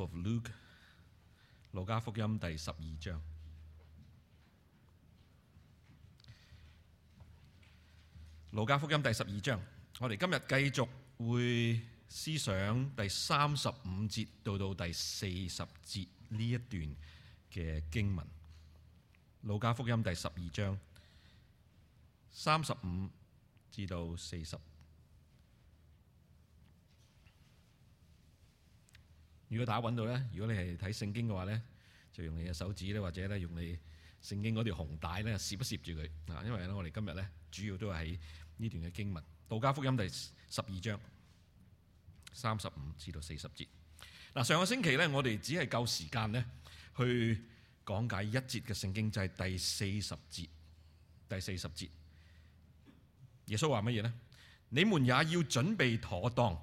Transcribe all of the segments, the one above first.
of Luke》《路加福音》第十二章，《路加福音》第十二章，我哋今日繼續會思想第三十五節到到第四十節呢一段嘅經文，《路加福音》第十二章三十五至到四十。如果大家揾到咧，如果你係睇聖經嘅話咧，就用你嘅手指咧，或者咧用你聖經嗰條紅帶咧，攝一攝住佢啊！因為咧，我哋今日咧主要都係喺呢段嘅經文，《路加福音》第十二章三十五至到四十節。嗱，上個星期咧，我哋只係夠時間咧去講解一節嘅聖經，就係第四十節。第四十節，耶穌話乜嘢咧？你們也要準備妥當，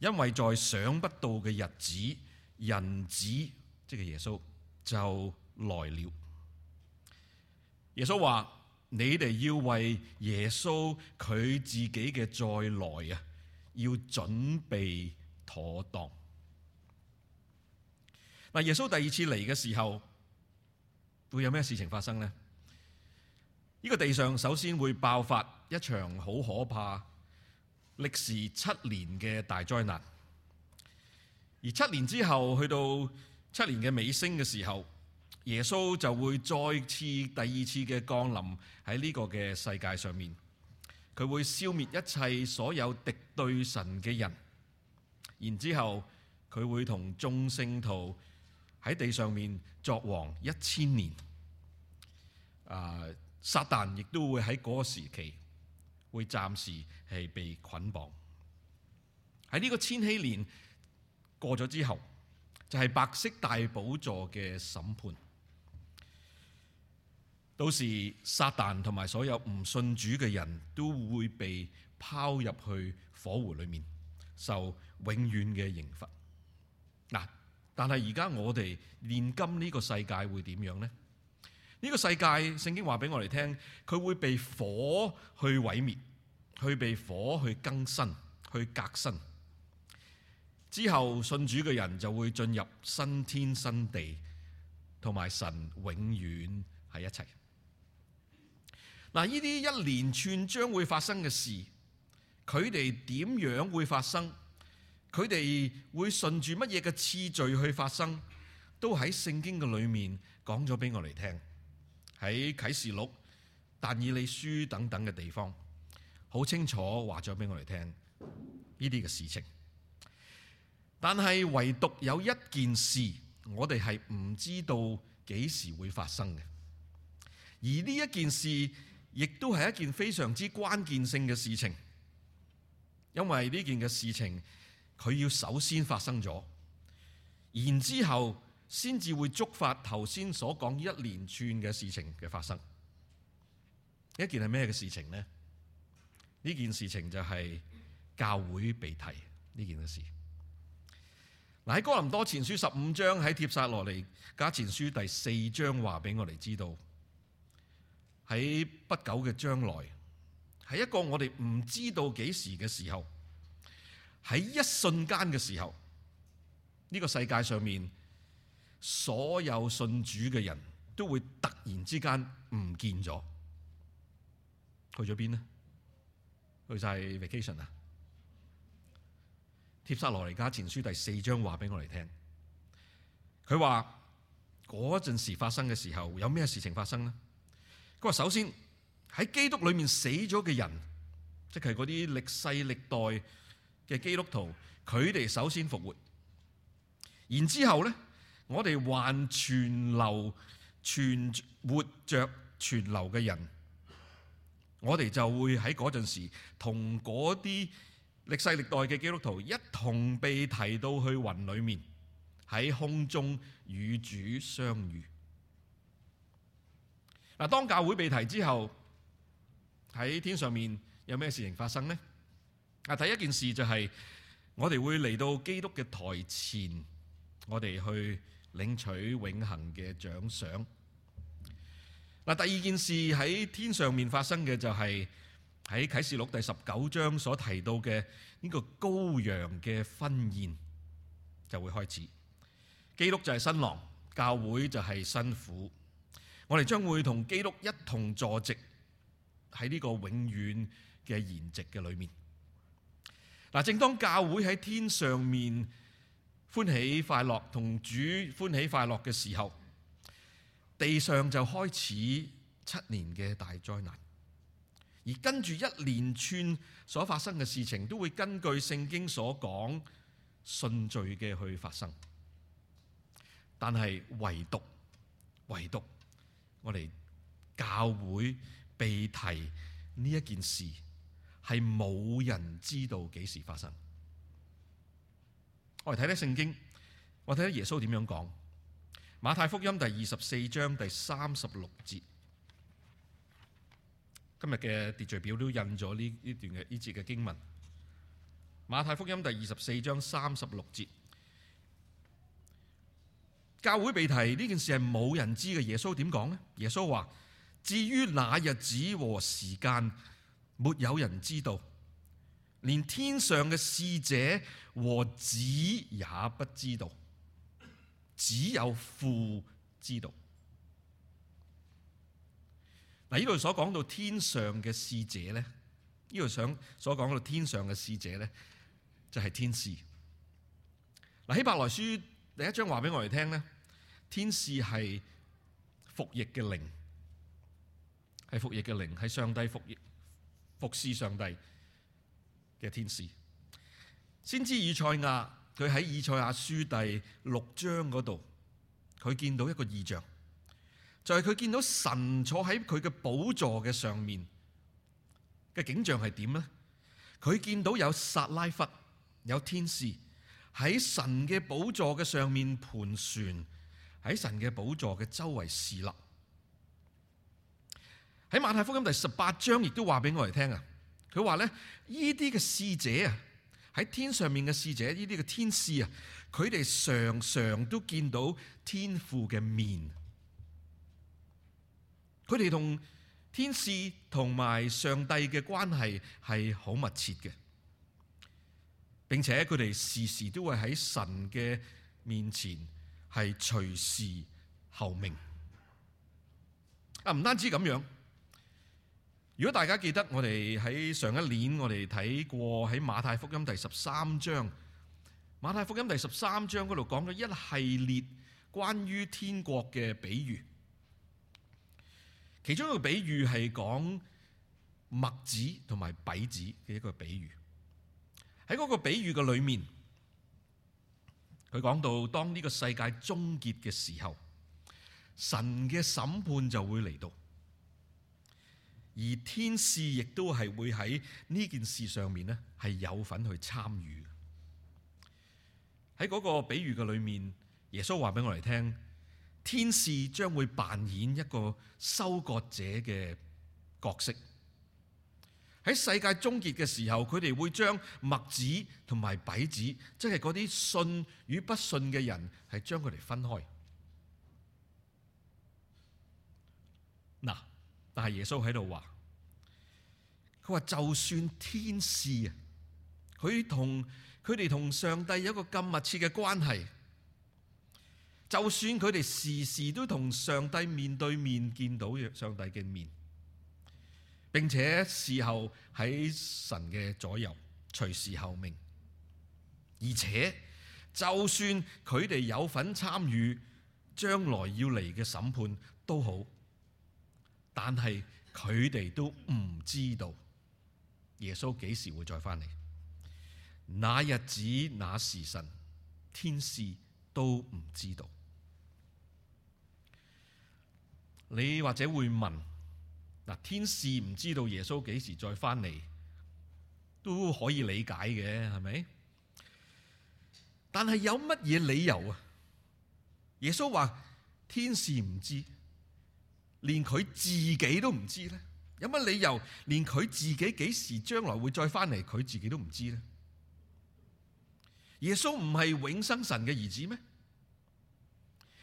因為在想不到嘅日子。人子，即係耶穌，就來了。耶穌話，你哋要為耶穌佢自己嘅再來啊，要準備妥當。嗱，耶穌第二次嚟嘅時候，會有咩事情發生呢？呢個地上首先會爆發一場好可怕、歷時七年嘅大災難。而七年之後，去到七年嘅尾聲嘅時候，耶穌就會再次第二次嘅降臨喺呢個嘅世界上面。佢會消滅一切所有敵對神嘅人，然之後佢會同眾聖徒喺地上面作王一千年。啊，撒旦亦都會喺嗰個時期會暫時係被捆綁喺呢個千禧年。過咗之後，就係、是、白色大寶座嘅審判，到時撒旦同埋所有唔信主嘅人都會被拋入去火湖裏面，受永遠嘅刑罰。嗱，但係而家我哋現今呢個世界會點樣呢？呢、呢個世界聖經話俾我哋聽，佢會被火去毀滅，去被火去更新，去革新。之後信主嘅人就會進入新天新地，同埋神永遠喺一齊。嗱，呢啲一連串將會發生嘅事，佢哋點樣會發生？佢哋會順住乜嘢嘅次序去發生？都喺聖經嘅裏面講咗俾我哋聽，喺啟示錄、但以理書等等嘅地方，好清楚話咗俾我哋聽呢啲嘅事情。但係唯獨有一件事，我哋係唔知道幾時會發生嘅。而呢一件事，亦都係一件非常之關鍵性嘅事情，因為呢件嘅事情，佢要首先發生咗，然之後先至會觸發頭先所講一連串嘅事情嘅發生。一件係咩嘅事情呢？呢件事情就係教會被提呢件嘅事。嗱，喺哥林多前書十五章，喺帖撒羅尼迦前書第四章，話俾我哋知道，喺不久嘅將來，喺一個我哋唔知道幾時嘅時候，喺一瞬間嘅時候，呢、這個世界上面所有信主嘅人都會突然之間唔見咗，去咗邊呢？去晒 vacation 啊！帖撒羅尼加前書第四章話俾我哋聽，佢話嗰陣時發生嘅時候有咩事情發生呢？佢話首先喺基督裏面死咗嘅人，即係嗰啲歷世歷代嘅基督徒，佢哋首先復活，然之後咧，我哋還存留存活着存留嘅人，我哋就會喺嗰陣時同嗰啲。歷世歷代嘅基督徒一同被提到去雲裏面，喺空中與主相遇。嗱，當教會被提之後，喺天上面有咩事情發生呢？啊，第一件事就係我哋會嚟到基督嘅台前，我哋去領取永恒嘅獎賞。嗱，第二件事喺天上面發生嘅就係。喺啟示錄第十九章所提到嘅呢個羔羊嘅婚宴就會開始，基督就係新郎，教會就係新婦，我哋將會同基督一同坐席喺呢個永遠嘅筵席嘅裏面。嗱，正當教會喺天上面歡喜快樂同主歡喜快樂嘅時候，地上就開始七年嘅大災難。而跟住一連串所發生嘅事情，都會根據聖經所講順序嘅去發生。但係唯獨唯獨我哋教會被提呢一件事，係冇人知道幾時發生。我嚟睇睇聖經，我睇睇耶穌點樣講。馬太福音第二十四章第三十六節。今日嘅秩序表都印咗呢呢段嘅呢節嘅經文，《馬太福音》第二十四章三十六節，教會被提呢件事係冇人知嘅。耶穌點講呢？耶穌話：至於那日子和時間，沒有人知道，連天上嘅使者和子也不知道，只有父知道。嗱，呢度所講到天上嘅使者咧，呢度想所講到天上嘅使者咧，就係天使。嗱，喺希伯來書第一章話俾我哋聽咧，天使係服役嘅靈，係服役嘅靈，係上帝服役服侍上帝嘅天使。先知以賽亞佢喺以賽亞書第六章嗰度，佢見到一個異象。就係、是、佢見到神坐喺佢嘅寶座嘅上面嘅景象係點咧？佢見到有撒拉弗，有天使喺神嘅寶座嘅上面盤旋，喺神嘅寶座嘅周圍侍立。喺《馬太福音》第十八章也告訴我，亦都話俾我哋聽啊！佢話咧，呢啲嘅侍者啊，喺天上面嘅侍者，呢啲嘅天使啊，佢哋常常都見到天父嘅面。佢哋同天使同埋上帝嘅關係係好密切嘅，並且佢哋時時都會喺神嘅面前係隨時候命。啊，唔單止咁樣，如果大家記得我哋喺上一年我哋睇過喺馬太福音第十三章，馬太福音第十三章嗰度講咗一系列關於天國嘅比喻。其中一個比喻係講麥子同埋稗子嘅一個比喻，喺嗰個比喻嘅裏面，佢講到當呢個世界終結嘅時候，神嘅審判就會嚟到，而天使亦都係會喺呢件事上面呢係有份去參與嘅。喺嗰個比喻嘅裏面，耶穌話俾我哋聽。天使將會扮演一個收割者嘅角色，喺世界終結嘅時候，佢哋會將麥子同埋稗子，即係嗰啲信與不信嘅人，係將佢哋分開。嗱，但係耶穌喺度話，佢話就算天使啊，佢同佢哋同上帝有一個咁密切嘅關係。就算佢哋時時都同上帝面對面見到上帝嘅面，並且事後喺神嘅左右隨時候命，而且就算佢哋有份參與將來要嚟嘅審判都好，但係佢哋都唔知道耶穌幾時會再返嚟，那日子、那時辰，天使都唔知道。你或者會問，嗱，天使唔知道耶穌幾時再翻嚟，都可以理解嘅，係咪？但係有乜嘢理由啊？耶穌話天使唔知，連佢自己都唔知咧。有乜理由連佢自己幾時將來會再翻嚟，佢自己都唔知咧？耶穌唔係永生神嘅兒子咩？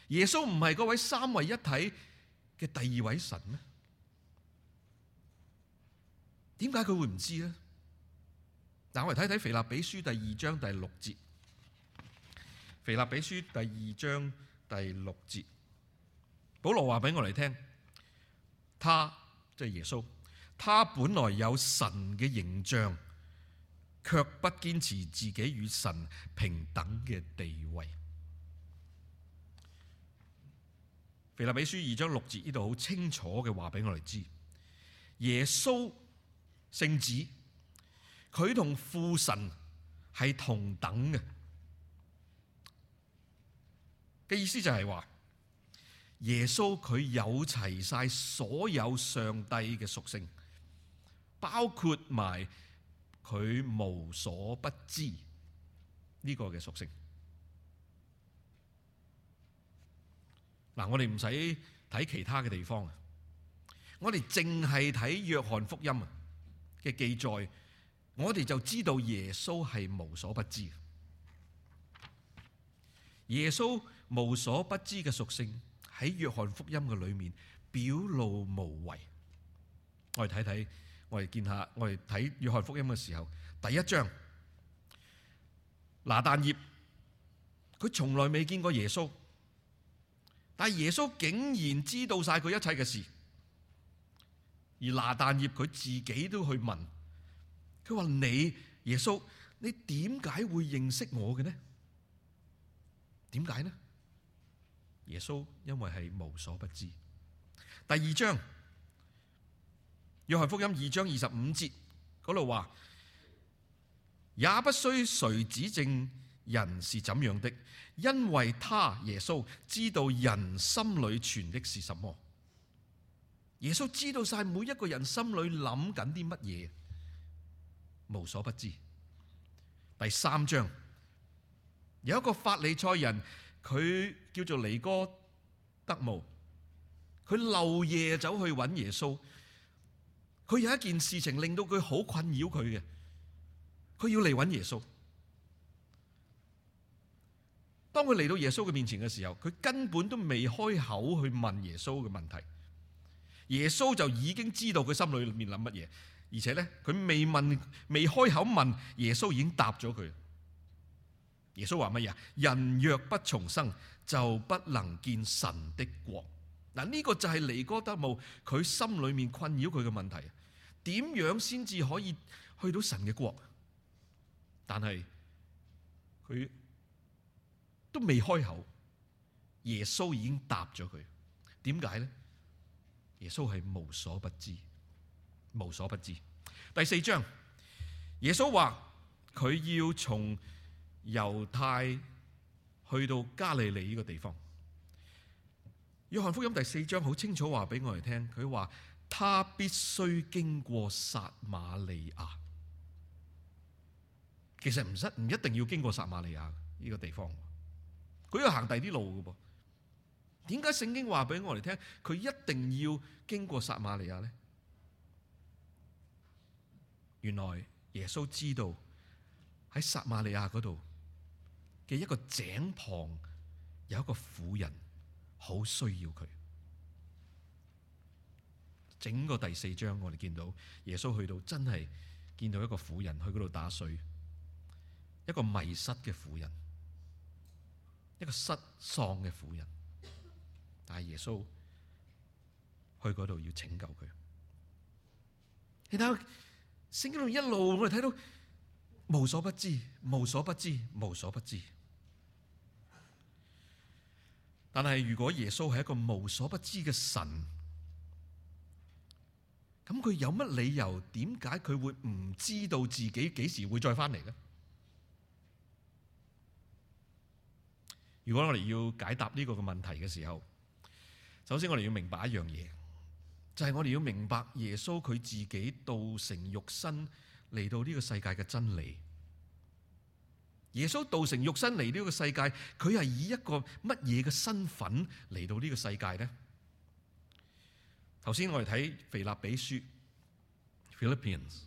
耶穌唔係嗰位三位一體？嘅第二位神呢？點解佢會唔知呢？嗱，我嚟睇睇腓立比書第二章第六節。腓立比書第二章第六節，保羅話俾我嚟聽，他即係、就是、耶穌，他本來有神嘅形象，卻不堅持自己與神平等嘅地位。腓立比書二章六節呢度好清楚嘅話俾我哋知，耶穌聖子佢同父神係同等嘅，嘅意思就係話耶穌佢有齊晒所有上帝嘅屬性，包括埋佢無所不知呢個嘅屬性。嗱，我哋唔使睇其他嘅地方啊，我哋淨係睇約翰福音啊嘅記載，我哋就知道耶穌係無所不知。耶穌無所不知嘅屬性喺約翰福音嘅裏面表露無遺。我哋睇睇，我哋見下，我哋睇約翰福音嘅時候，第一章，拿但業，佢從來未見過耶穌。但耶穌竟然知道晒佢一切嘅事，而拿但業佢自己都去問，佢話：你耶穌，你點解會認識我嘅呢？點解呢？耶穌因為係無所不知。第二章，約翰福音二章二十五節嗰度話，也不需誰指證。」人是怎樣的？因為他耶穌知道人心裏存的是什麼，耶穌知道晒每一個人心裏諗緊啲乜嘢，無所不知。第三章有一個法利賽人，佢叫做尼哥德慕，佢漏夜走去揾耶穌。佢有一件事情令到佢好困擾佢嘅，佢要嚟揾耶穌。當佢嚟到耶穌嘅面前嘅時候，佢根本都未開口去問耶穌嘅問題，耶穌就已經知道佢心裏面諗乜嘢，而且咧佢未問未開口問耶穌已經答咗佢。耶穌話乜嘢？人若不重生，就不能見神的國。嗱、這、呢個就係尼哥底母佢心裏面困擾佢嘅問題，點樣先至可以去到神嘅國？但係佢。他都未開口，耶穌已經答咗佢。點解呢？耶穌係無所不知，無所不知。第四章，耶穌話佢要從猶太去到加利利呢個地方。《約翰福音》第四章好清楚話俾我哋聽，佢話他必須經過撒瑪利亞。其實唔一唔一定要經過撒瑪利亞呢個地方。佢要行第啲路嘅噃？點解聖經話俾我哋聽佢一定要經過撒瑪利亞呢？原來耶穌知道喺撒瑪利亞嗰度嘅一個井旁有一個婦人好需要佢。整個第四章我哋見到耶穌去到真係見到一個婦人去嗰度打水，一個迷失嘅婦人。一個失喪嘅婦人，但係耶穌去嗰度要拯救佢。你睇聖經裏一路我哋睇到無所不知、無所不知、無所不知。但係如果耶穌係一個無所不知嘅神，咁佢有乜理由？點解佢會唔知道自己幾時會再翻嚟？呢？如果我哋要解答呢個嘅問題嘅時候，首先我哋要明白一樣嘢，就係、是，我哋要明白耶穌佢自己道成肉身嚟到呢個世界嘅真理。耶穌道成肉身嚟呢個世界，佢係以一個乜嘢嘅身份嚟到呢個世界咧？頭先我哋睇腓立比書 Philippians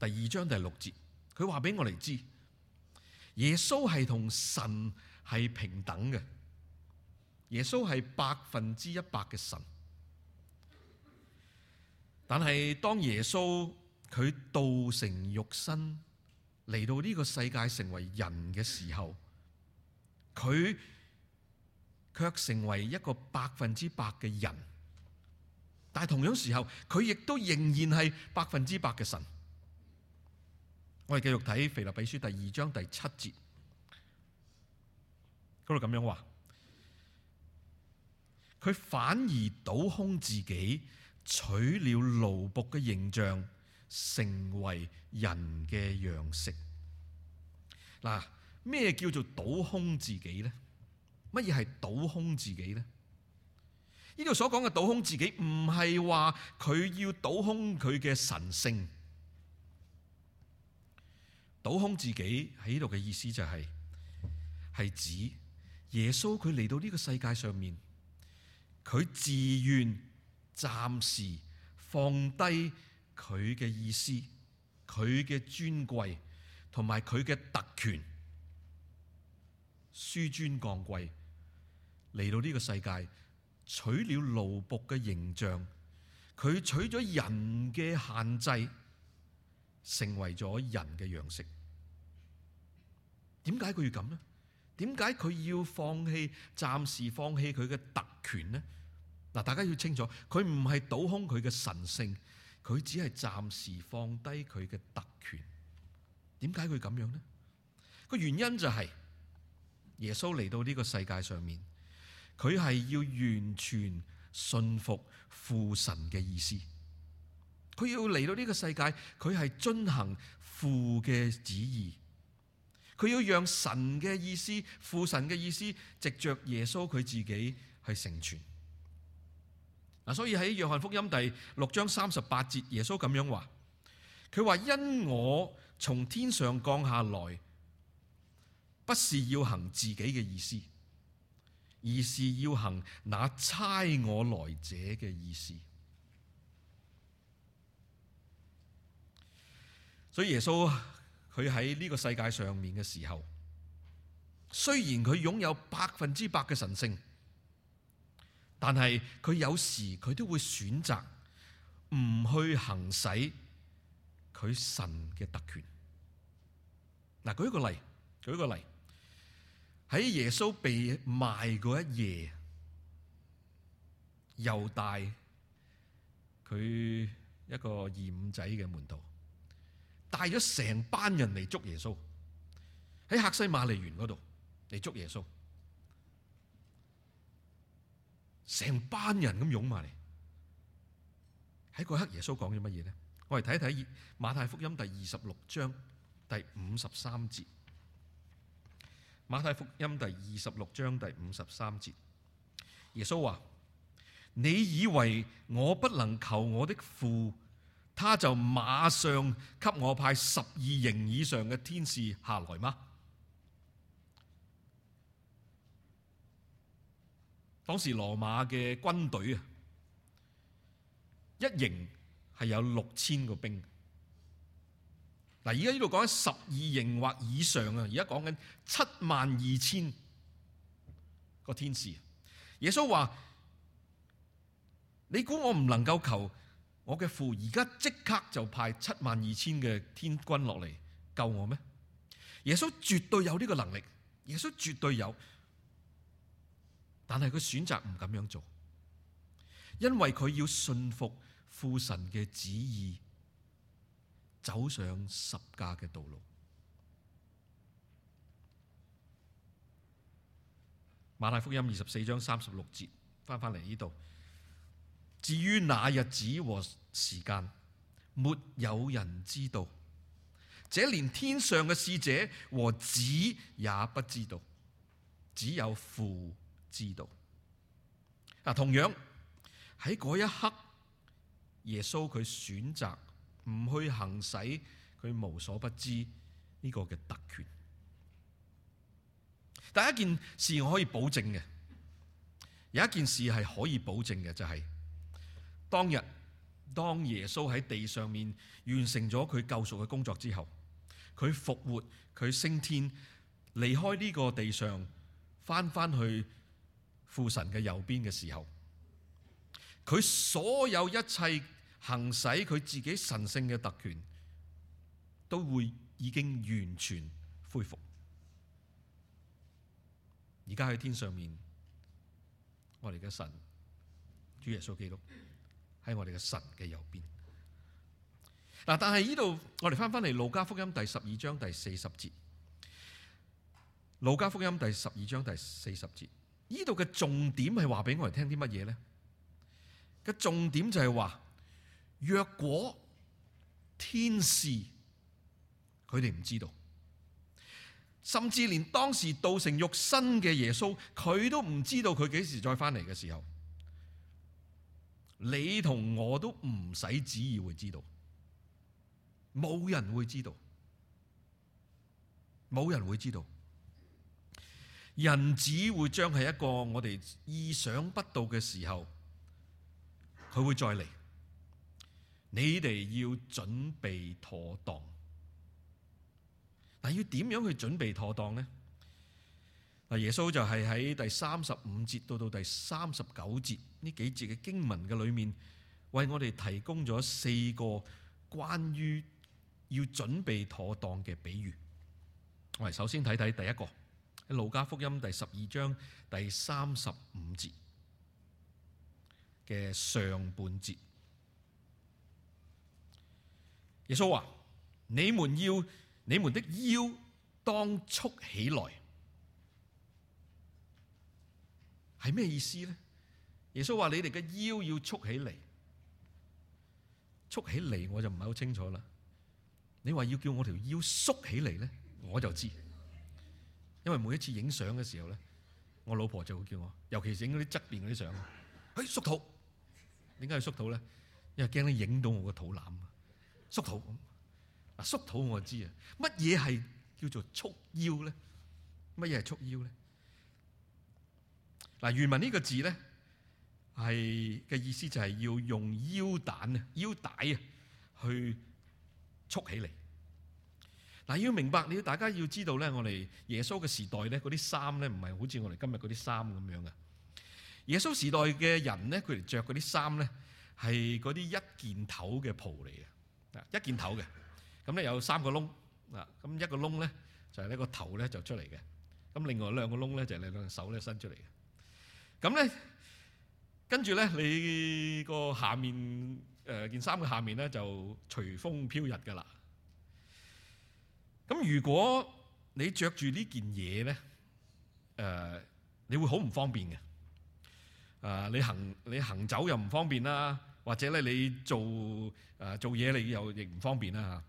第二章第六節，佢話俾我哋知耶穌係同神。係平等嘅，耶穌係百分之一百嘅神。但係當耶穌佢道成肉身嚟到呢個世界成為人嘅時候，佢卻成為一個百分之百嘅人。但係同樣時候，佢亦都仍然係百分之百嘅神。我哋繼續睇《腓立比書》第二章第七節。佢咁樣話，佢反而倒空自己，取了奴僕嘅形象，成為人嘅樣式。嗱，咩叫做倒空自己咧？乜嘢係倒空自己咧？呢度所講嘅倒空自己，唔係話佢要倒空佢嘅神聖。倒空自己喺度嘅意思就係、是，係指。耶穌佢嚟到呢個世界上面，佢自願暫時放低佢嘅意思、佢嘅尊貴同埋佢嘅特權，紆尊降貴嚟到呢個世界，取了奴僕嘅形象，佢取咗人嘅限制，成為咗人嘅樣式。點解佢要咁呢？點解佢要放棄暫時放棄佢嘅特權呢？嗱，大家要清楚，佢唔係倒空佢嘅神性，佢只係暫時放低佢嘅特權。點解佢咁樣呢？個原因就係耶穌嚟到呢個世界上面，佢係要完全信服父神嘅意思。佢要嚟到呢個世界，佢係遵行父嘅旨意。佢要讓神嘅意思、父神嘅意思，藉着耶穌佢自己去成全。嗱，所以喺約翰福音第六章三十八節，耶穌咁樣話：佢話因我從天上降下來，不是要行自己嘅意思，而是要行那差我來者嘅意思。所以耶穌。佢喺呢個世界上面嘅時候，雖然佢擁有百分之百嘅神聖，但係佢有時佢都會選擇唔去行使佢神嘅特權。嗱，舉個例，舉個例，喺耶穌被賣嗰一夜，猶大，佢一個二五仔嘅門徒。帶咗成班人嚟捉耶穌，喺客西馬尼園嗰度嚟捉耶穌，成班人咁擁埋嚟，喺嗰刻耶穌講咗乜嘢呢？我哋睇一睇馬太福音第二十六章第五十三節。馬太福音第二十六章第五十三節，耶穌話：你以為我不能求我的父？他就馬上給我派十二營以上嘅天使下來嗎？當時羅馬嘅軍隊啊，一營係有六千個兵。嗱，而家呢度講緊十二營或以上啊，而家講緊七萬二千個天使。耶穌話：你估我唔能夠求？我嘅父而家即刻就派七萬二千嘅天軍落嚟救我咩？耶穌絕對有呢個能力，耶穌絕對有，但係佢選擇唔咁樣做，因為佢要信服父神嘅旨意，走上十架嘅道路。馬太福音二十四章三十六節，翻返嚟呢度。至於那日子和時間，沒有人知道。這連天上嘅使者和子也不知道，只有父知道。啊，同樣喺嗰一刻，耶穌佢選擇唔去行使佢無所不知呢個嘅特權。第一件事我可以保證嘅，有一件事係可以保證嘅，就係、是。當日，當耶穌喺地上面完成咗佢救贖嘅工作之後，佢復活，佢升天，離開呢個地上，翻翻去父神嘅右邊嘅時候，佢所有一切行使佢自己神聖嘅特權，都會已經完全恢復。而家喺天上面，我哋嘅神，主耶穌基督。喺我哋嘅神嘅右邊嗱，但係呢度我哋翻翻嚟《路加福音》第十二章第四十節，《路加福音》第十二章第四十節，呢度嘅重點係話俾我哋聽啲乜嘢咧？嘅重點就係話，若果天使佢哋唔知道，甚至連當時道成肉身嘅耶穌，佢都唔知道佢幾時再翻嚟嘅時候。你同我都唔使旨意會知道，冇人會知道，冇人會知道。人子會將係一個我哋意想不到嘅時候，佢會再嚟。你哋要準備妥當，但要點樣去準備妥當呢？耶穌就係喺第三十五節到到第三十九節呢幾節嘅經文嘅裏面，為我哋提供咗四個關於要準備妥當嘅比喻。我哋首先睇睇第一個喺《路加福音》第十二章第三十五節嘅上半節。耶穌話、啊：你們要你們的腰當束起來。係咩意思咧？耶穌話你哋嘅腰要束起嚟，束起嚟我就唔係好清楚啦。你話要叫我條腰縮起嚟咧，我就知。因為每一次影相嘅時候咧，我老婆就會叫我，尤其是影嗰啲側邊嗰啲相，誒、哎、縮肚。點解要縮肚咧？因為驚你影到我個肚腩啊！縮肚咁，啊縮肚我就知啊。乜嘢係叫做束腰咧？乜嘢係束腰咧？嗱，原文呢個字咧，係嘅意思就係要用腰帶啊，腰帶啊，去束起嚟。嗱，要明白，你要大家要知道咧，我哋耶穌嘅時代咧，嗰啲衫咧，唔係好似我哋今日嗰啲衫咁樣嘅。耶穌時代嘅人咧，佢哋着嗰啲衫咧，係嗰啲一件頭嘅袍嚟嘅，啊，一件頭嘅。咁咧有三個窿，啊，咁一個窿咧就係呢個頭咧就出嚟嘅，咁另外兩個窿咧就係你兩隻手咧伸出嚟嘅。咁咧，跟住咧，你個下面誒件衫嘅下面咧，就隨風飄逸噶啦。咁如果你着住呢件嘢咧，呃，你會好唔方便嘅、呃。你行你行走又唔方便啦，或者咧你做、呃、做嘢你又亦唔方便啦。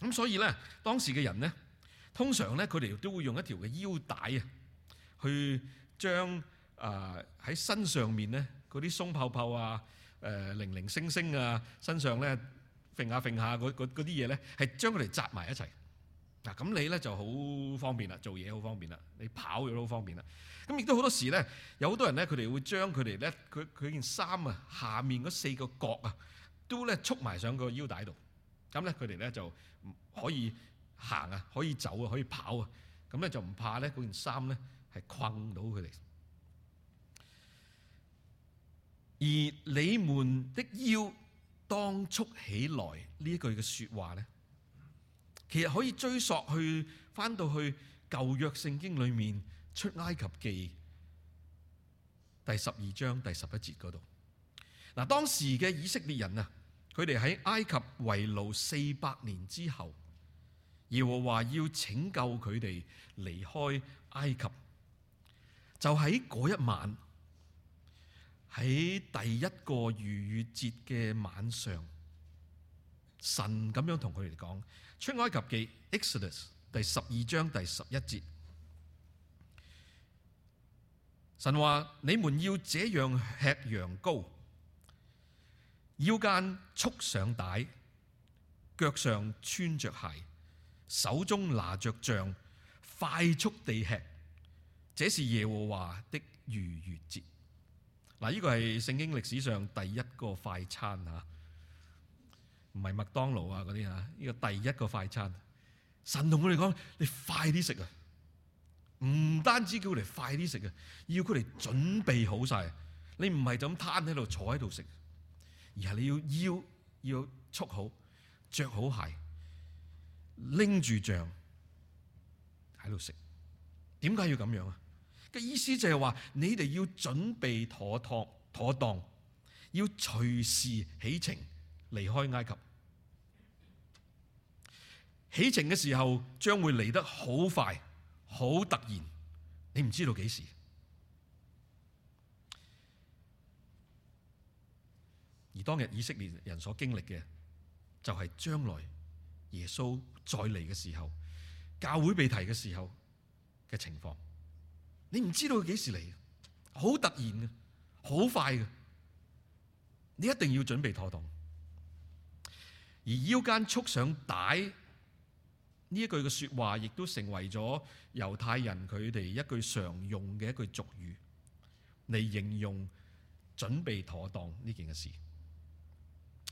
嚇，咁所以咧，當時嘅人咧，通常咧佢哋都會用一條嘅腰帶啊，去將。啊、呃！喺身上面咧，嗰啲鬆泡泡啊、誒、呃、零零星星啊，身上咧揈下揈下，嗰啲嘢咧，係將佢哋紮埋一齊。嗱，咁你咧就好方便啦，做嘢好方便啦，你跑咗都好方便啦。咁亦都好多時咧，有好多人咧，佢哋會將佢哋咧，佢佢件衫啊，下面嗰四個角啊，都咧束埋上個腰帶度。咁咧，佢哋咧就可以行啊，可以走啊，可以跑啊。咁咧就唔怕咧，嗰件衫咧係困到佢哋。而你們的腰當束起來呢一句嘅説話咧，其實可以追溯去翻到去舊約聖經裏面出埃及記第十二章第十一節嗰度。嗱，當時嘅以色列人啊，佢哋喺埃及為奴四百年之後，耶和華要拯救佢哋離開埃及，就喺嗰一晚。喺第一個逾越節嘅晚上，神咁樣同佢哋講，《出埃及記》Exodus 第十二章第十一節，神話：你們要這樣吃羊羔，腰間束上帶，腳上穿着鞋，手中拿着杖，快速地吃，這是耶和華的逾越節。嗱，呢個係聖經歷史上第一個快餐嚇，唔係麥當勞啊嗰啲啊。呢、呢個第一個快餐。神同佢哋講：你快啲食啊！唔單止叫你快啲食啊，要佢哋準備好晒。你唔係就咁攤喺度坐喺度食，而係你要腰要束好、着好鞋、拎住杖喺度食。點解要咁樣啊？嘅意思就係話，你哋要準備妥當、妥當，要隨時起程離開埃及。起程嘅時候將會嚟得好快、好突然，你唔知道幾時。而當日以色列人所經歷嘅，就係、是、將來耶穌再嚟嘅時候，教會被提嘅時候嘅情況。你唔知道佢幾時嚟，好突然嘅，好快嘅，你一定要準備妥當。而腰間束上帶呢一句嘅說話，亦都成為咗猶太人佢哋一句常用嘅一句俗語，嚟形容準備妥當呢件嘅事。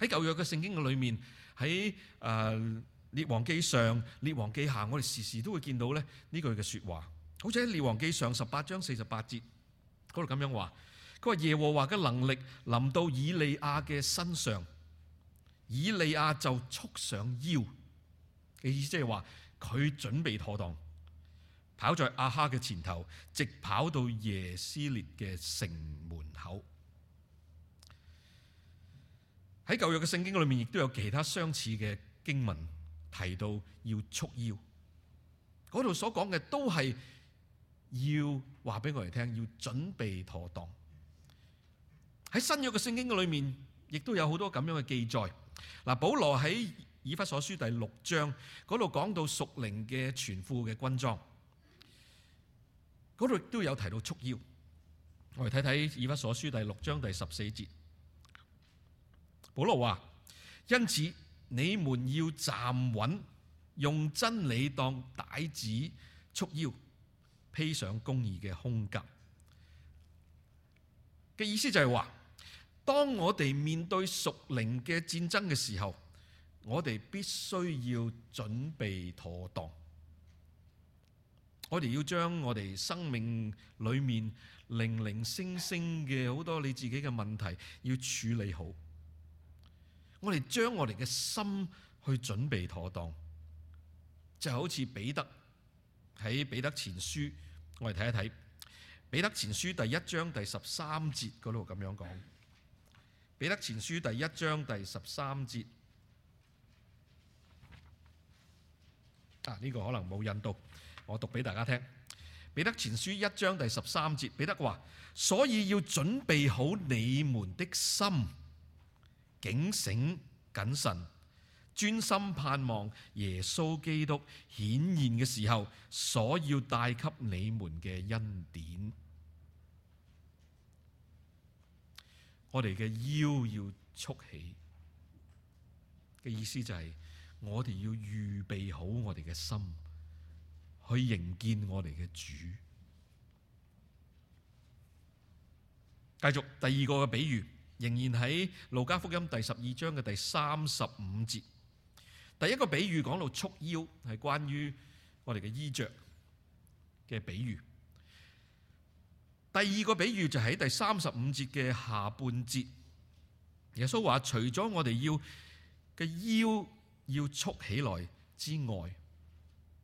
喺舊約嘅聖經嘅裏面，喺誒列王記上、列王記下，我哋時時都會見到咧呢句嘅說話。好似喺《列王記》上十八章四十八節嗰度咁樣話，佢話耶和華嘅能力臨到以利亞嘅身上，以利亞就束上腰嘅意思，即係話佢準備妥當，跑在阿哈嘅前頭，直跑到耶斯列嘅城門口。喺舊約嘅聖經裏面，亦都有其他相似嘅經文提到要束腰。嗰度所講嘅都係。要話俾我哋聽，要準備妥當。喺新約嘅聖經嘅裏面，亦都有好多咁樣嘅記載。嗱，保羅喺以弗所書第六章嗰度講到屬靈嘅全副嘅軍裝，嗰度亦都有提到束腰。我哋睇睇以弗所書第六章第十四節，保羅話：「因此你們要站穩，用真理當帶子束腰。披上公義嘅胸甲嘅意思就係話，當我哋面對屬靈嘅戰爭嘅時候，我哋必須要準備妥當。我哋要將我哋生命裏面零零星星嘅好多你自己嘅問題要處理好。我哋將我哋嘅心去準備妥當，就好似彼得。喺彼得前書，我哋睇一睇彼得前書第一章第十三節嗰度咁樣講。彼得前書第一章第十三節，啊呢個可能冇印到，我讀俾大家聽。彼得前書一章第十三節，彼得話：所以要準備好你們的心，警醒謹慎。專心盼望耶穌基督顯現嘅時候，所要帶給你們嘅恩典，我哋嘅腰要束起嘅意思就係，我哋要預備好我哋嘅心去迎見我哋嘅主。繼續第二個嘅比喻，仍然喺路加福音第十二章嘅第三十五節。第一個比喻講到束腰，係關於我哋嘅衣着嘅比喻。第二個比喻就喺第三十五節嘅下半節，耶穌話：除咗我哋要嘅腰要束起來之外，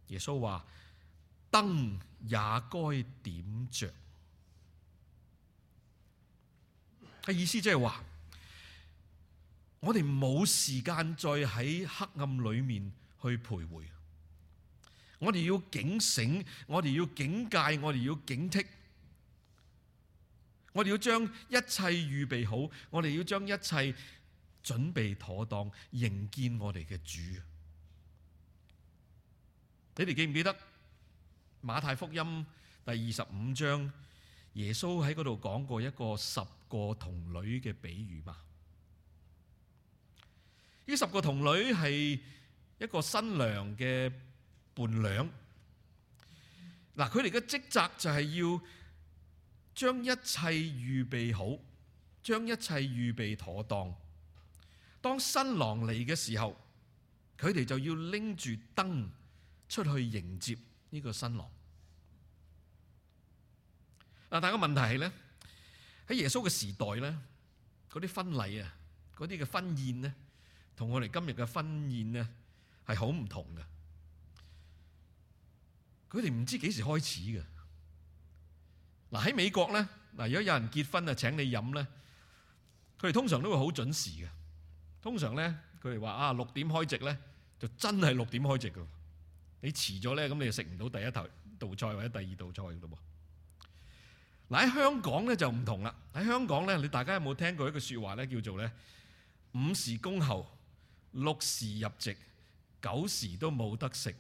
耶穌話燈也該點着。嘅意思即係話。我哋冇時間再喺黑暗裏面去徘徊，我哋要警醒，我哋要警戒，我哋要警惕，我哋要將一切預備好，我哋要將一切準備妥當，迎見我哋嘅主。你哋記唔記得馬太福音第二十五章，耶穌喺嗰度講過一個十個童女嘅比喻嘛？呢十個童女係一個新娘嘅伴娘嗱，佢哋嘅職責就係要將一切預備好，將一切預備妥當。當新郎嚟嘅時候，佢哋就要拎住燈出去迎接呢個新郎嗱。但個問題係咧，喺耶穌嘅時代咧，嗰啲婚禮啊，嗰啲嘅婚宴咧。同我哋今日嘅婚宴咧係好唔同嘅，佢哋唔知幾時開始嘅。嗱喺美國咧，嗱如果有人結婚啊，請你飲咧，佢哋通常都會好準時嘅。通常咧佢哋話啊，六點開席咧，就真係六點開席嘅。你遲咗咧，咁你就食唔到第一頭道菜或者第二道菜嘅咯。嗱喺香港咧就唔同啦，喺香港咧你大家有冇聽過一句説話咧叫做咧五時恭候？六時入席，九時都冇得食。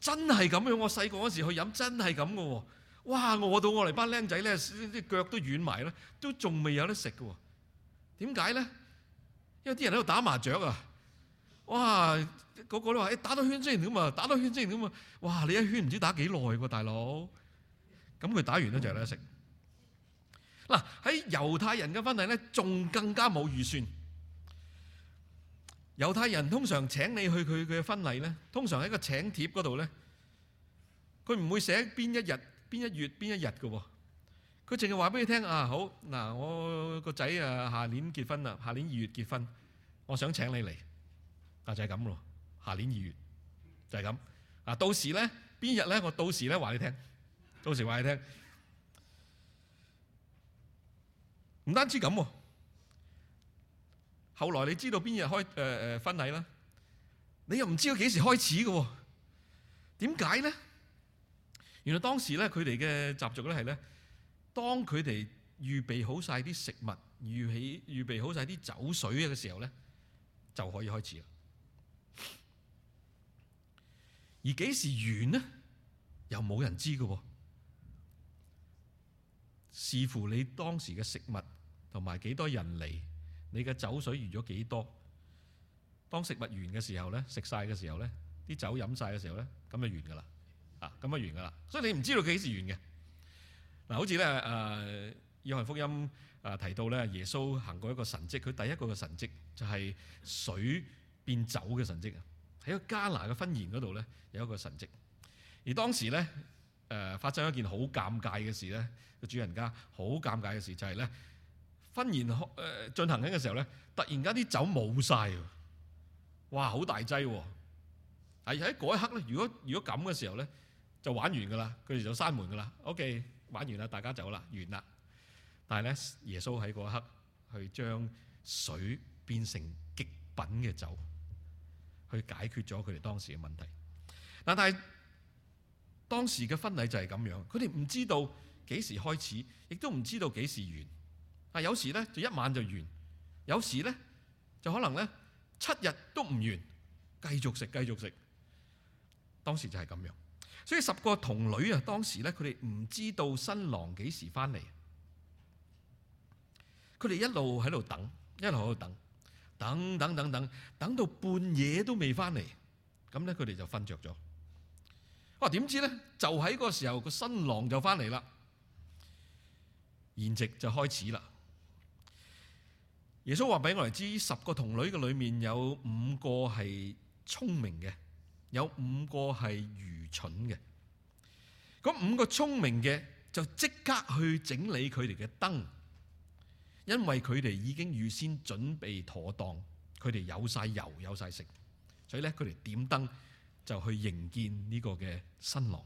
真係咁樣的，我細個嗰時去飲真係咁嘅喎。哇，餓到我哋班僆仔咧，啲腳都軟埋啦，都仲未有得食嘅喎。點解咧？因為啲人喺度打麻雀啊。哇，嗰、個個都話：誒打多圈先點啊，打多圈先點啊。哇，你一圈唔知打幾耐喎，大佬。咁佢打完都就有得食。嗱，喺猶太人嘅婚禮咧，仲更加冇預算。猶太人通常請你去佢嘅婚禮咧，通常喺個請帖嗰度咧，佢唔會寫邊一日、邊一月、邊一日嘅喎。佢淨係話俾你聽啊，好嗱，我個仔啊，下年結婚啦，下年二月結婚，我想請你嚟，嗱，就係咁咯。下年二月就係咁。啊，到時咧邊日咧，我到時咧話你聽，到時話你聽，唔單止咁喎。後來你知道邊日開誒誒婚禮啦，你又唔知道幾時開始嘅，點解咧？原來當時咧佢哋嘅習俗咧係咧，當佢哋預備好晒啲食物、預備預備好晒啲酒水嘅時候咧，就可以開始啦。而幾時完呢？又冇人知嘅，視乎你當時嘅食物同埋幾多人嚟。你嘅酒水完咗幾多？當食物完嘅時候咧，食晒嘅時候咧，啲酒飲晒嘅時候咧，咁就完噶啦。啊，咁就完噶啦。所以你唔知道幾時完嘅。嗱，好似咧誒《約翰福音》啊提到咧，耶穌行過一個神跡，佢第一個嘅神跡就係水變酒嘅神跡啊。喺個迦拿嘅婚宴嗰度咧，有一個神跡。而當時咧誒、呃、發生咗一件好尷尬嘅事咧，個主人家好尷尬嘅事就係咧。婚宴誒進行緊嘅時候咧，突然間啲酒冇晒，哇！好大劑喎，係，喺嗰一刻咧。如果如果咁嘅時候咧，就玩完噶啦，佢哋就閂門噶啦。OK，玩完啦，大家走啦，完啦。但係咧，耶穌喺嗰一刻去將水變成極品嘅酒，去解決咗佢哋當時嘅問題。嗱，但係當時嘅婚禮就係咁樣，佢哋唔知道幾時開始，亦都唔知道幾時完。啊！有時咧就一晚就完，有時咧就可能咧七日都唔完，繼續食繼續食。當時就係咁樣，所以十個童女啊，當時咧佢哋唔知道新郎幾時翻嚟，佢哋一路喺度等，一路喺度等，等等等等，等，等到半夜都未翻嚟，咁咧佢哋就瞓著咗。哇！點知咧就喺個時候個新郎就翻嚟啦，筵席就開始啦。耶穌話俾我哋知，十個童女嘅裏面有五個係聰明嘅，有五個係愚蠢嘅。嗰五個聰明嘅就即刻去整理佢哋嘅燈，因為佢哋已經預先準備妥當，佢哋有晒油有晒食，所以咧佢哋點燈就去迎見呢個嘅新郎。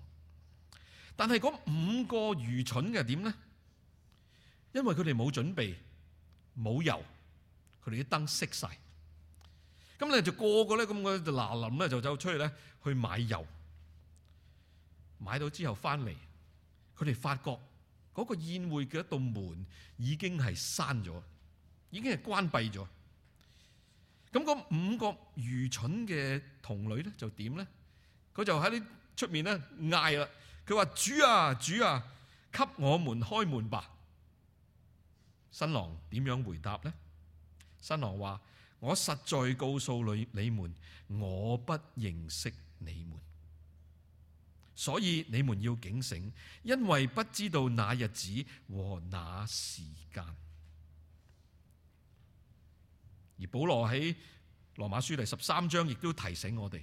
但係嗰五個愚蠢嘅點呢？因為佢哋冇準備冇油。佢哋啲燈熄晒，咁咧就個個咧咁嘅就嗱嗱臨咧就走出去咧去買油，買到之後翻嚟，佢哋發覺嗰個宴會嘅一道門已經係閂咗，已經係關閉咗。咁嗰五個愚蠢嘅童女咧就點咧？佢就喺啲出面咧嗌啦，佢話主啊主啊，給我們開門吧。新郎點樣回答咧？.新郎話：我實在告訴你你們，我不認識你們，所以你們要警醒，因為不知道那日子和那時間。而保羅喺羅馬書第十三章亦都提醒我哋，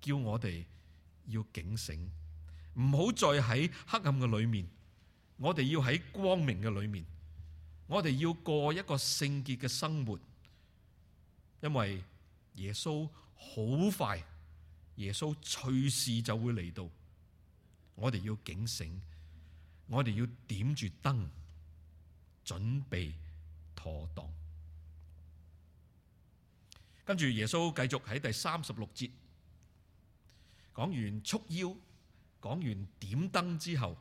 叫我哋要警醒，唔好再喺黑暗嘅裏面，我哋要喺光明嘅裏面。我哋要過一個聖潔嘅生活，因為耶穌好快，耶穌隨時就會嚟到。我哋要警醒，我哋要點住燈，準備妥當。跟住耶穌繼續喺第三十六節講完束腰，講完點燈之後，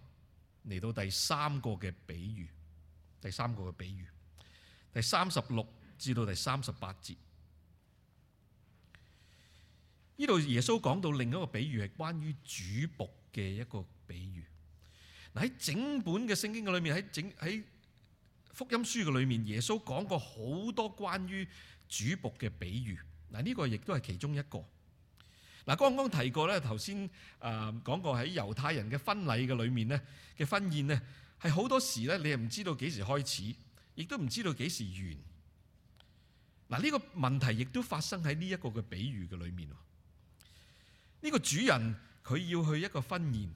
嚟到第三個嘅比喻。第三個嘅比喻，第三十六至到第三十八節，呢度耶穌講到另一個比喻，係關於主僕嘅一個比喻。嗱，喺整本嘅聖經嘅裏面，喺整喺福音書嘅裏面，耶穌講過好多關於主僕嘅比喻。嗱、呢、呢個亦都係其中一個。嗱，剛剛提過咧，頭先誒講過喺猶太人嘅婚禮嘅裏面呢嘅婚宴呢。係好多時咧，你又唔知道幾時開始，亦都唔知道幾時完。嗱，呢個問題亦都發生喺呢一個嘅比喻嘅裏面。呢個主人佢要去一個婚宴，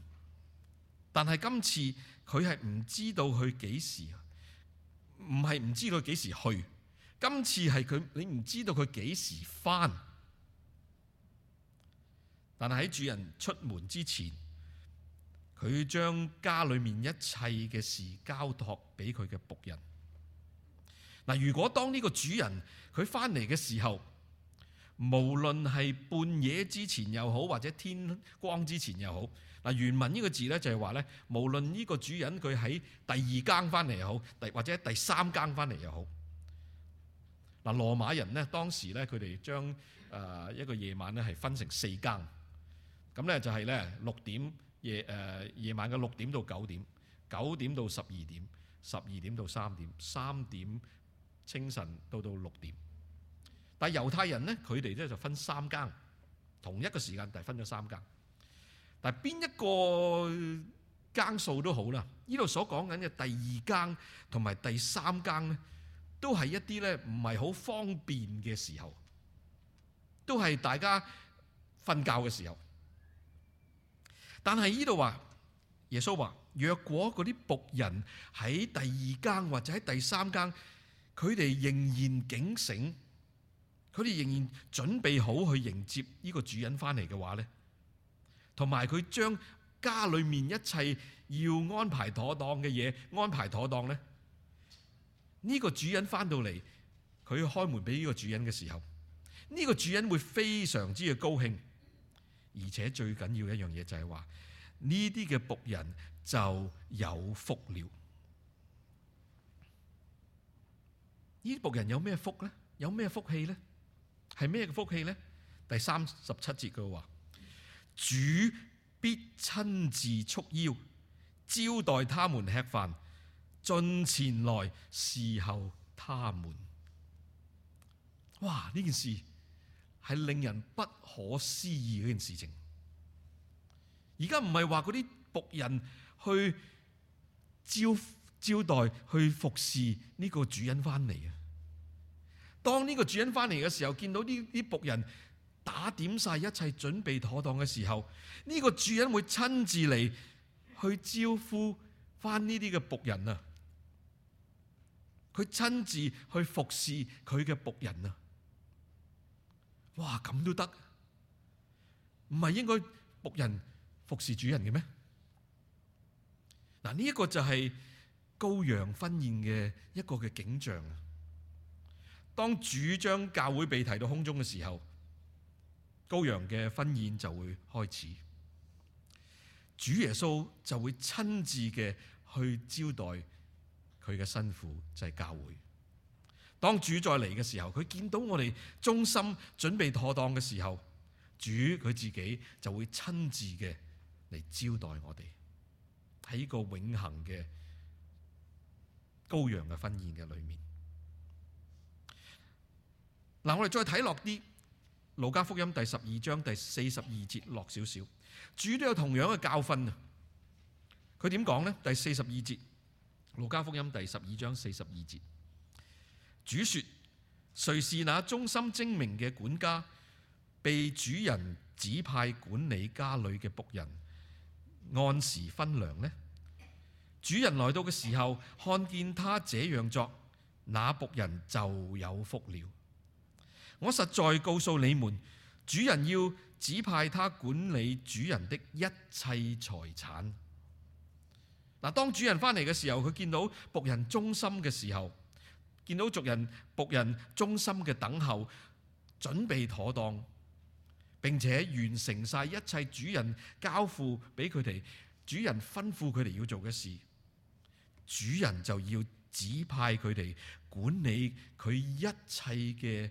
但係今次佢係唔知道佢幾時，唔係唔知道佢幾時去。今次係佢你唔知道佢幾時返。但係喺主人出門之前，佢將家裏面一切嘅事交託俾佢嘅僕人。嗱，如果當呢個主人佢翻嚟嘅時候，無論係半夜之前又好，或者天光之前又好，嗱，原文呢個字咧就係話咧，無論呢個主人佢喺第二更翻嚟又好，第或者第三更翻嚟又好。嗱，羅馬人呢當時咧佢哋將誒一個夜晚咧係分成四更，咁咧就係咧六點，夜誒、呃、夜晚嘅六點到九點，九點到十二點，十二點到三點，三點清晨到到六點。但係猶太人咧，佢哋咧就分三更，同一個時間，但係分咗三更。但係邊一個更數都好啦，呢度所講緊嘅第二更同埋第三更咧，都係一啲咧唔係好方便嘅時候，都係大家瞓覺嘅時候。但係呢度話，耶穌話：若果嗰啲僕人喺第二更或者喺第三更，佢哋仍然警醒，佢哋仍然準備好去迎接呢個主人翻嚟嘅話咧，同埋佢將家裏面一切要安排妥當嘅嘢，安排妥當咧，呢、呢個主人翻到嚟，佢開門俾呢個主人嘅時候，呢、呢個主人會非常之嘅高興。而且最緊要的一樣嘢就係話，呢啲嘅僕人就有福了。呢啲僕人有咩福咧？有咩福氣咧？係咩嘅福氣咧？第三十七節嘅話，主必親自束腰，招待他們吃飯，進前來侍候他們。哇！呢件事，係令人不可思議嘅一件事情。而家唔係話嗰啲僕人去招招待，去服侍呢個主人翻嚟啊。當呢個主人翻嚟嘅時候，見到呢啲僕人打點晒一切準備妥當嘅時候，呢個主人會親自嚟去招呼翻呢啲嘅僕人啊。佢親自去服侍佢嘅僕人啊。哇，咁都得？唔係應該僕人服侍主人嘅咩？嗱，呢一個就係羔羊婚宴嘅一個嘅景象啊！當主將教會被提到空中嘅時候，羔羊嘅婚宴就會開始，主耶穌就會親自嘅去招待佢嘅新婦，就係教會。當主再嚟嘅時候，佢見到我哋忠心準備妥當嘅時候，主佢自己就會親自嘅嚟招待我哋喺個永恆嘅羔羊嘅婚宴嘅裏面。嗱，我哋再睇落啲路加福音第十二章第四十二節，落少少，主都有同樣嘅教訓啊！佢點講呢？第四十二節，路加福音第十二章四十二節。主說：誰是那忠心精明嘅管家，被主人指派管理家裏嘅僕人，按時分糧呢？主人來到嘅時候，看見他這樣作，那僕人就有福了。我實在告訴你們，主人要指派他管理主人的一切財產。嗱，當主人翻嚟嘅時候，佢見到僕人忠心嘅時候。見到族人僕人忠心嘅等候，準備妥當，並且完成晒一切主人交付俾佢哋，主人吩咐佢哋要做嘅事，主人就要指派佢哋管理佢一切嘅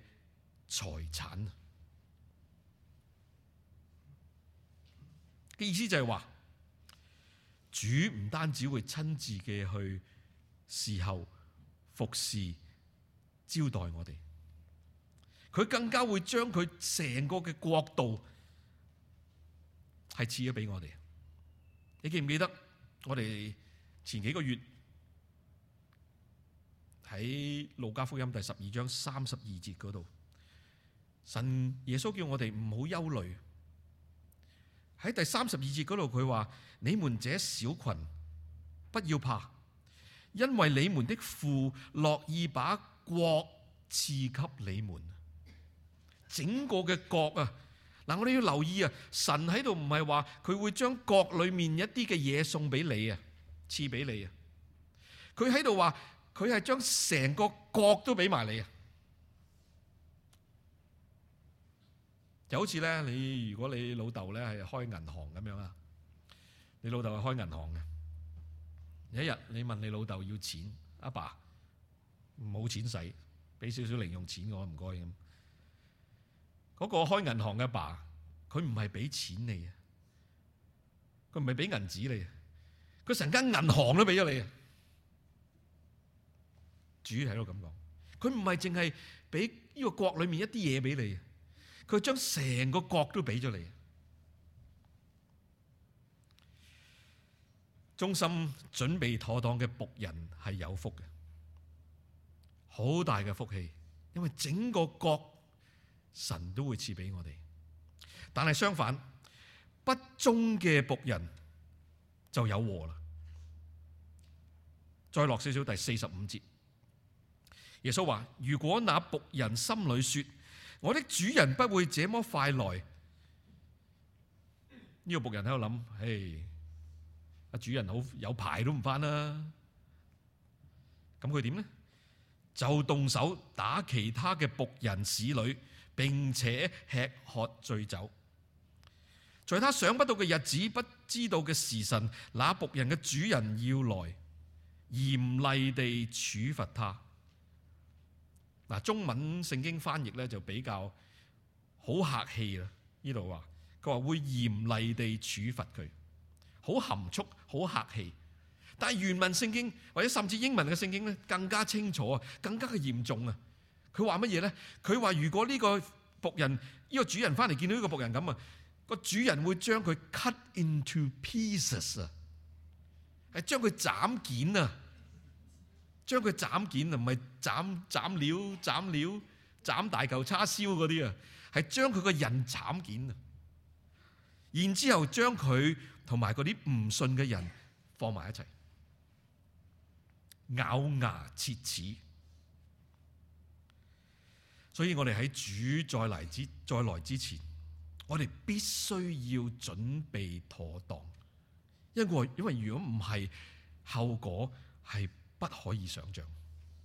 財產。嘅意思就係話，主唔單止會親自嘅去伺候服侍，招待我哋，佢更加會將佢成個嘅國度係賜咗俾我哋。你記唔記得我哋前幾個月喺路加福音第十二章三十二節嗰度，神耶穌叫我哋唔好憂慮。喺第三十二節嗰度佢話：你們這小群不要怕，因為你們的父樂意把國賜給你們，整個嘅國啊！嗱，我哋要留意啊，神喺度唔係話佢會將國裏面一啲嘅嘢送俾你啊，賜俾你啊，佢喺度話佢係將成個國都俾埋你啊！就好似咧，你如果你老豆咧係開銀行咁樣啊，你老豆係開銀行嘅，有一日你問你老豆要錢，阿爸，爸。冇錢使，俾少少零用錢我唔該咁。嗰個開銀行嘅爸爸，佢唔係俾錢你啊，佢唔係俾銀紙你啊，佢成間銀行都俾咗你啊。主喺度咁講，佢唔係淨係俾呢個國裏面一啲嘢俾你啊，佢將成個國都俾咗你啊。忠心準備妥當嘅僕人係有福嘅。好大嘅福氣，因為整個國神都會賜俾我哋。但係相反，不忠嘅僕人就有禍啦。再落少少第四十五節，耶穌話：如果那僕人心裏說：我的主人不會這麼快來，呢個僕人喺度諗：唉，阿主人好有排都唔翻啦，咁佢點呢？就動手打其他嘅僕人使女，並且吃喝醉酒。在他想不到嘅日子，不知道嘅時辰，那僕人嘅主人要來嚴厲地處罰他。嗱，中文聖經翻譯咧就比較好客氣啦。呢度話佢話會嚴厲地處罰佢，好含蓄，好客氣。但係原文聖經或者甚至英文嘅聖經咧，更加清楚啊，更加嘅嚴重啊。佢話乜嘢咧？佢話如果呢個僕人呢、呢個主人翻嚟見到呢個僕人咁啊，個主人會將佢 cut into pieces 啊，係將佢斬件啊，將佢斬件啊，唔係斬，斬料斬料斬大嚿叉燒嗰啲啊，係將佢個人斬件啊，然之後將佢同埋嗰啲唔信嘅人放埋一齊。咬牙切齒，所以我哋喺主再嚟之再來之前，我哋必須要準備妥當，因為因為如果唔係，後果係不可以想象，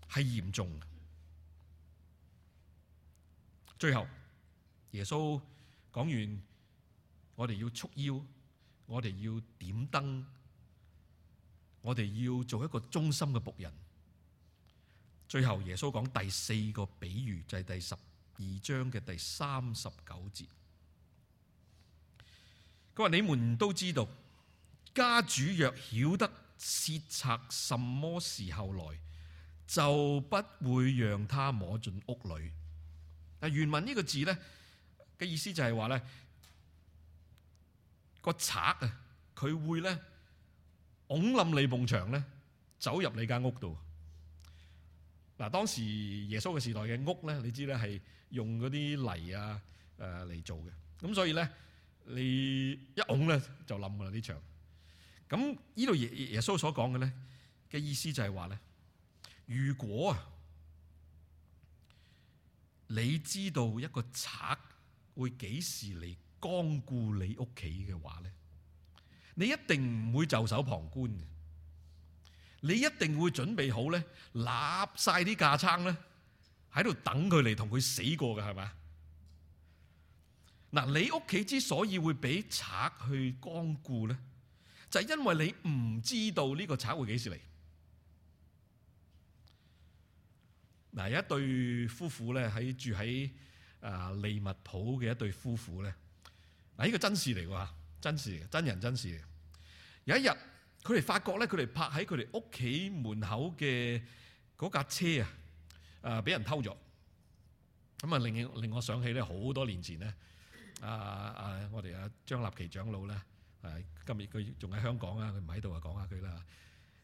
係嚴重。最後，耶穌講完，我哋要束腰，我哋要點燈。我哋要做一個忠心嘅僕人。最後耶穌講第四個比喻就係、是，第十二章嘅第三十九節。佢話你們都知道，家主若曉得竊賊什麼時候來，就不會讓他摸進屋裏。嗱，原文呢個字咧嘅意思就係話咧個賊啊，佢會咧。拱冧你埲牆咧，走入你間屋度。嗱，當時耶穌嘅時代嘅屋咧，你知咧係用嗰啲泥啊，誒嚟做嘅。咁所以咧，你一拱咧就冧啦啲牆。咁呢度耶耶穌所講嘅咧嘅意思就係話咧，如果啊，你知道一個賊會幾時嚟光顧你屋企嘅話咧？你一定唔會袖手旁觀嘅，你一定會準備好咧，立晒啲架撐咧，喺度等佢嚟，同佢死過㗎，係咪？嗱，你屋企之所以會俾賊去光顧咧，就係、是、因為你唔知道呢個賊會幾時嚟。嗱，有一對夫婦咧喺住喺誒利物浦嘅一對夫婦咧，嗱、這、呢個真事嚟喎。真事嘅，真人真事嘅。有一日，佢哋發覺咧，佢哋泊喺佢哋屋企門口嘅嗰架車、呃被嗯、啊，啊，俾人偷咗。咁啊，令令我想起咧，好多年前咧，啊啊，我哋阿張立奇長老咧，誒、啊，今日佢仲喺香港啊，佢唔喺度啊，講下佢啦。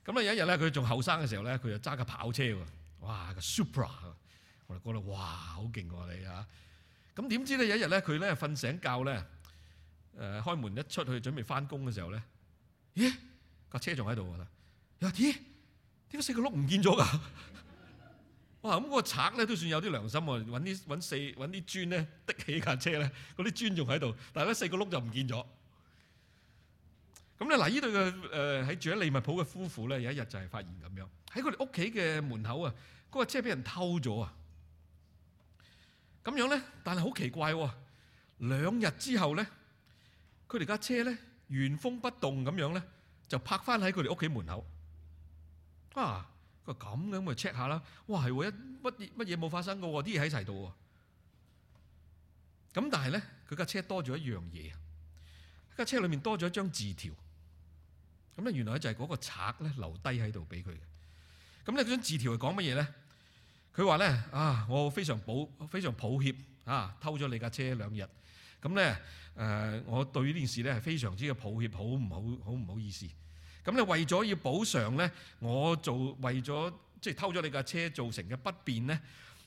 咁、嗯、咧有一日咧，佢仲後生嘅時候咧，佢就揸架跑車喎，哇，個 Supra 我哋覺得哇，好勁喎你啊！咁、嗯、點知咧有一日咧，佢咧瞓醒覺咧。誒開門一出去準備翻工嘅時候咧，咦？架車仲喺度喎！又話咦？點解四個轆唔見咗㗎？哇！咁個賊咧都算有啲良心喎，揾啲揾四揾啲磚咧的起架車咧，嗰啲磚仲喺度，但係咧四個轆就唔見咗。咁咧嗱，呢度嘅誒喺住喺利物浦嘅夫婦咧，有一日就係發現咁樣，喺佢哋屋企嘅門口啊，嗰架車俾人偷咗啊！咁樣咧，但係好奇怪喎，兩日之後咧。佢哋架車咧原封不動咁樣咧，就泊翻喺佢哋屋企門口。啊，佢話咁嘅，咁咪 check 下啦。哇，係喎，乜嘢乜嘢冇發生過喎，啲嘢喺齊度喎。咁但係咧，佢架車多咗一樣嘢啊！架車裏面多咗張字條。咁咧，原來就係嗰個賊咧留低喺度俾佢嘅。咁咧，嗰張字條係講乜嘢咧？佢話咧：啊，我非常抱非常抱歉啊，偷咗你架車兩日。咁咧，誒，我對呢件事咧係非常之嘅抱歉，好唔好，好唔好意思。咁你為咗要補償咧，我做為咗即係偷咗你架車造成嘅不便咧，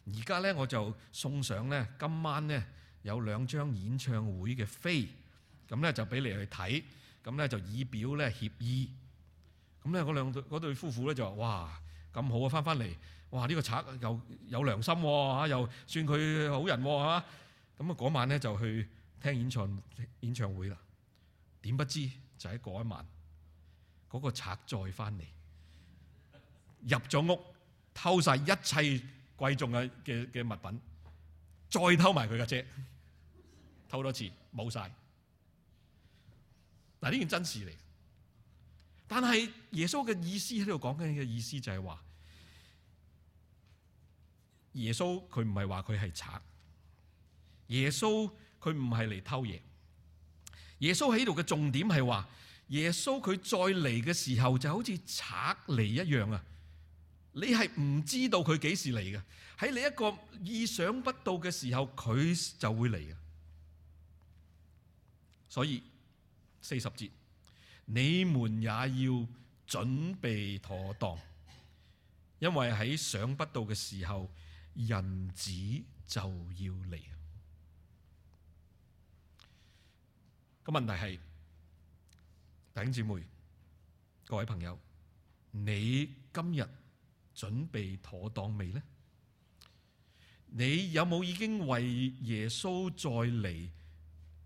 而家咧我就送上咧今晚咧有兩張演唱會嘅飛，咁咧就俾你去睇，咁咧就以表咧協議。咁咧嗰兩對夫婦咧就話：哇，咁好啊！翻翻嚟，哇呢、呢個賊又有良心喎，又算佢好人喎，係嘛？咁啊嗰晚咧就去。聽演唱演唱會啦，點不知就喺嗰一晚，嗰、嗰個賊再翻嚟，入咗屋偷晒一切貴重嘅嘅嘅物品，再偷埋佢嘅車，偷多次冇晒。但呢件真事嚟，但係耶穌嘅意思喺度講緊嘅意思就係話，耶穌佢唔係話佢係賊，耶穌。佢唔係嚟偷嘢。耶穌喺度嘅重點係話，耶穌佢再嚟嘅時候就好似賊嚟一樣啊！你係唔知道佢幾時嚟嘅，喺你一個意想不到嘅時候，佢就會嚟嘅。所以四十節，你們也要準備妥當，因為喺想不到嘅時候，人子就要嚟。問題係，弟兄姊妹、各位朋友，你今日準備妥當未呢？你有冇已經為耶穌再嚟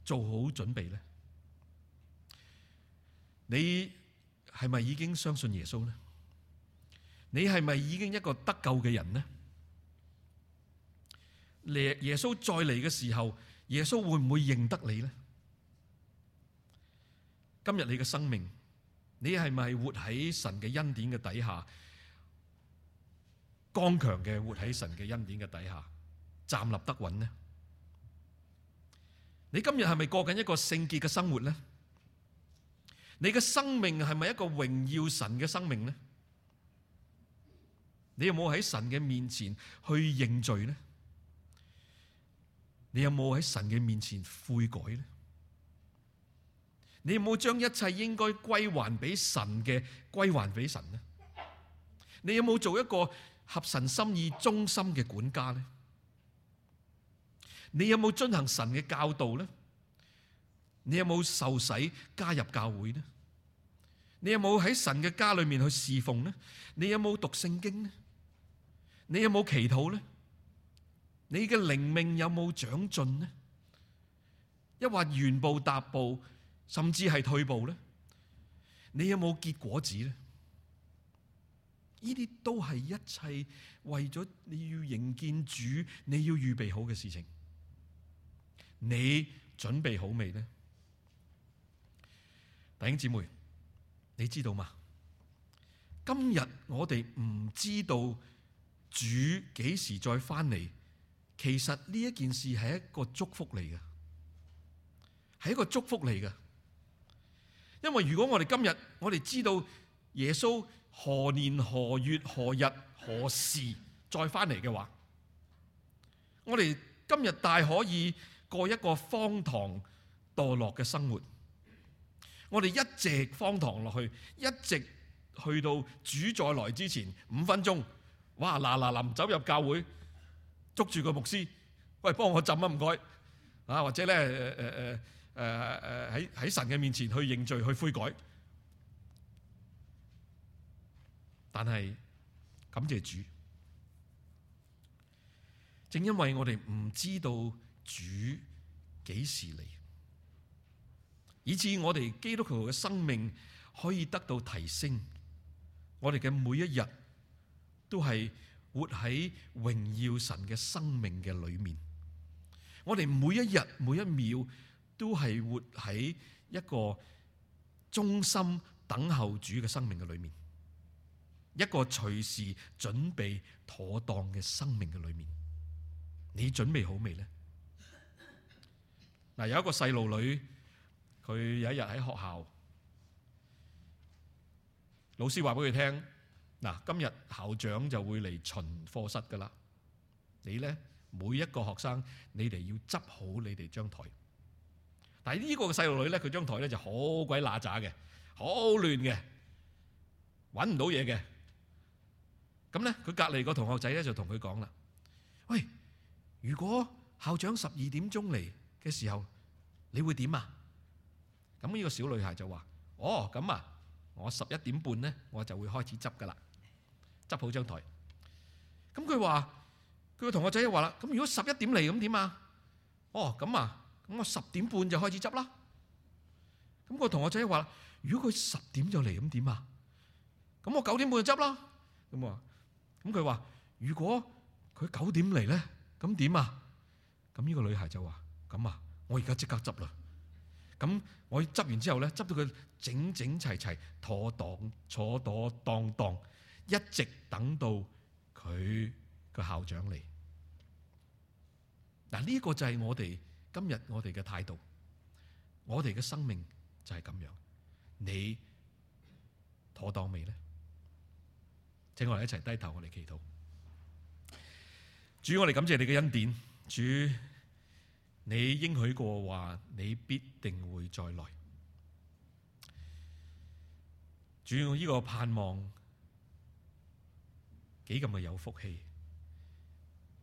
做好準備呢？你係咪已經相信耶穌呢？你係咪已經一個得救嘅人呢？耶耶穌再嚟嘅時候，耶穌會唔會認得你呢？今日你嘅生命，你係咪活喺神嘅恩典嘅底下，剛強嘅活喺神嘅恩典嘅底下，站立得穩呢？你今日係咪過緊一個聖潔嘅生活呢？你嘅生命係咪一個榮耀神嘅生命呢？你有冇喺神嘅面前去認罪呢？你有冇喺神嘅面前悔改呢？你有冇將一切應該歸還俾神嘅歸還俾神呢？你有冇做一個合神心意忠心嘅管家呢？你有冇遵行神嘅教導呢？你有冇受洗加入教會呢？你有冇喺神嘅家裏面去侍奉呢？你有冇讀聖經呢？你有冇祈禱呢？你嘅靈命有冇長進呢？抑或原步踏步。甚至係退步咧，你有冇結果子咧？呢啲都係一切為咗你要迎見主，你要預備好嘅事情。你準備好未呢？弟兄姊妹，你知道嗎？今日我哋唔知道主幾時再翻嚟，其實呢一件事係一個祝福嚟嘅，係一個祝福嚟嘅。因為如果我哋今日我哋知道耶穌何年何月何日何時再翻嚟嘅話，我哋今日大可以過一個荒唐墮落嘅生活。我哋一直荒唐落去，一直去到主再來之前五分鐘，哇嗱嗱臨走入教會，捉住個牧師，喂，幫我浸啊唔該啊，或者咧誒誒。呃呃誒、呃、誒，喺喺神嘅面前去認罪去悔改，但係感謝主，正因為我哋唔知道主幾時嚟，以至我哋基督徒嘅生命可以得到提升。我哋嘅每一日都係活喺榮耀神嘅生命嘅裏面，我哋每一日每一秒，都係活喺一個忠心等候主嘅生命嘅裏面，一個隨時準備妥當嘅生命嘅裏面。你準備好未呢？嗱，有一個細路女，佢有一日喺學校，老師話俾佢聽，嗱，今日校長就會嚟巡課室㗎喇。你呢，每一個學生，你哋要執好你哋張枱。但係呢個嘅細路女咧，佢張台咧就好鬼乸喳嘅，好亂嘅，揾唔到嘢嘅。咁咧，佢隔離個同學仔咧就同佢講啦：喂，如果校長十二點鐘嚟嘅時候，你會點啊？咁呢個小女孩就話：哦，咁啊，我十一點半咧，我就會開始執㗎啦，執好張台。咁佢話：佢個同學仔就話啦：咁如果十一點嚟咁點啊？哦，咁啊。咁我十點半就開始執啦。咁個同學仔話：如果佢十點就嚟，咁點啊？咁我九點半就執啦。咁話，咁佢話：如果佢九點嚟咧，咁點啊？咁呢個女孩就話：咁啊，我而家即刻執啦。咁我執完之後咧，執到佢整整齊齊、妥當妥妥當當，一直等到佢個校長嚟。嗱，呢個就係我哋。今日我哋嘅態度，我哋嘅生命就係咁樣，你妥當未呢？請我哋一齊低頭，我哋祈禱。主，我哋感謝你嘅恩典。主，你應許過話，你必定會再來。主，我呢個盼望幾咁嘅有福氣。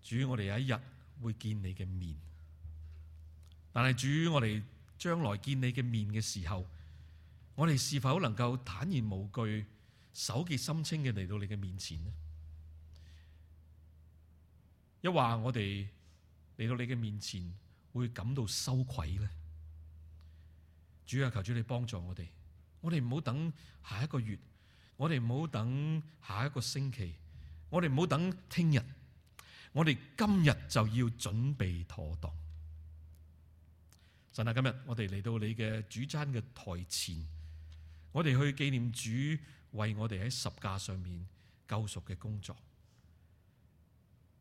主，我哋有一日會見你嘅面。但係主，我哋將來見你嘅面嘅時候，我哋是否能夠坦然無懼、手潔心清嘅嚟到你嘅面前呢？抑或我哋嚟到你嘅面前會感到羞愧呢？主啊，求主你幫助我哋，我哋唔好等下一個月，我哋唔好等下一個星期，我哋唔好等聽日，我哋今日就要準備妥當。神啊，今日我哋嚟到你嘅主餐嘅台前，我哋去紀念主為我哋喺十架上面救贖嘅工作。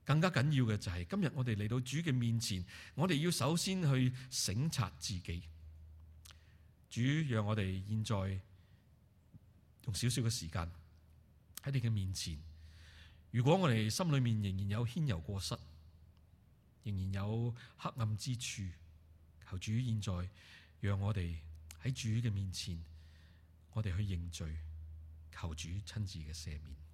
更加緊要嘅就係今日我哋嚟到主嘅面前，我哋要首先去省察自己。主讓我哋現在用少少嘅時間喺你嘅面前。如果我哋心裏面仍然有牽柔過失，仍然有黑暗之處。求主現在讓我哋喺主嘅面前，我哋去認罪，求主親自嘅赦免。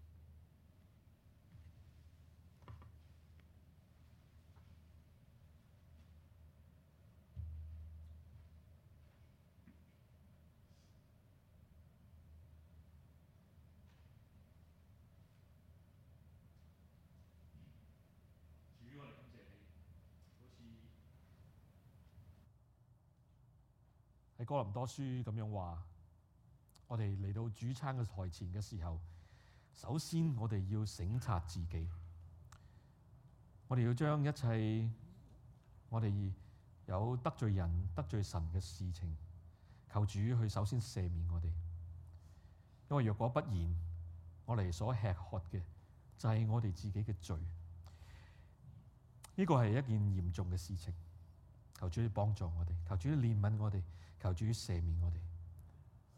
哥林多書咁樣話：我哋嚟到主餐嘅台前嘅時候，首先我哋要省察自己，我哋要將一切我哋有得罪人、得罪神嘅事情，求主去首先赦免我哋。因為若果不然，我哋所吃喝嘅就係我哋自己嘅罪，呢個係一件嚴重嘅事情。求主幫助我哋，求主憐憫我哋，求主赦免我哋。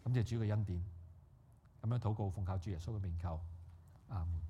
感謝主嘅恩典，咁樣禱告，奉靠主耶穌嘅名求，阿門。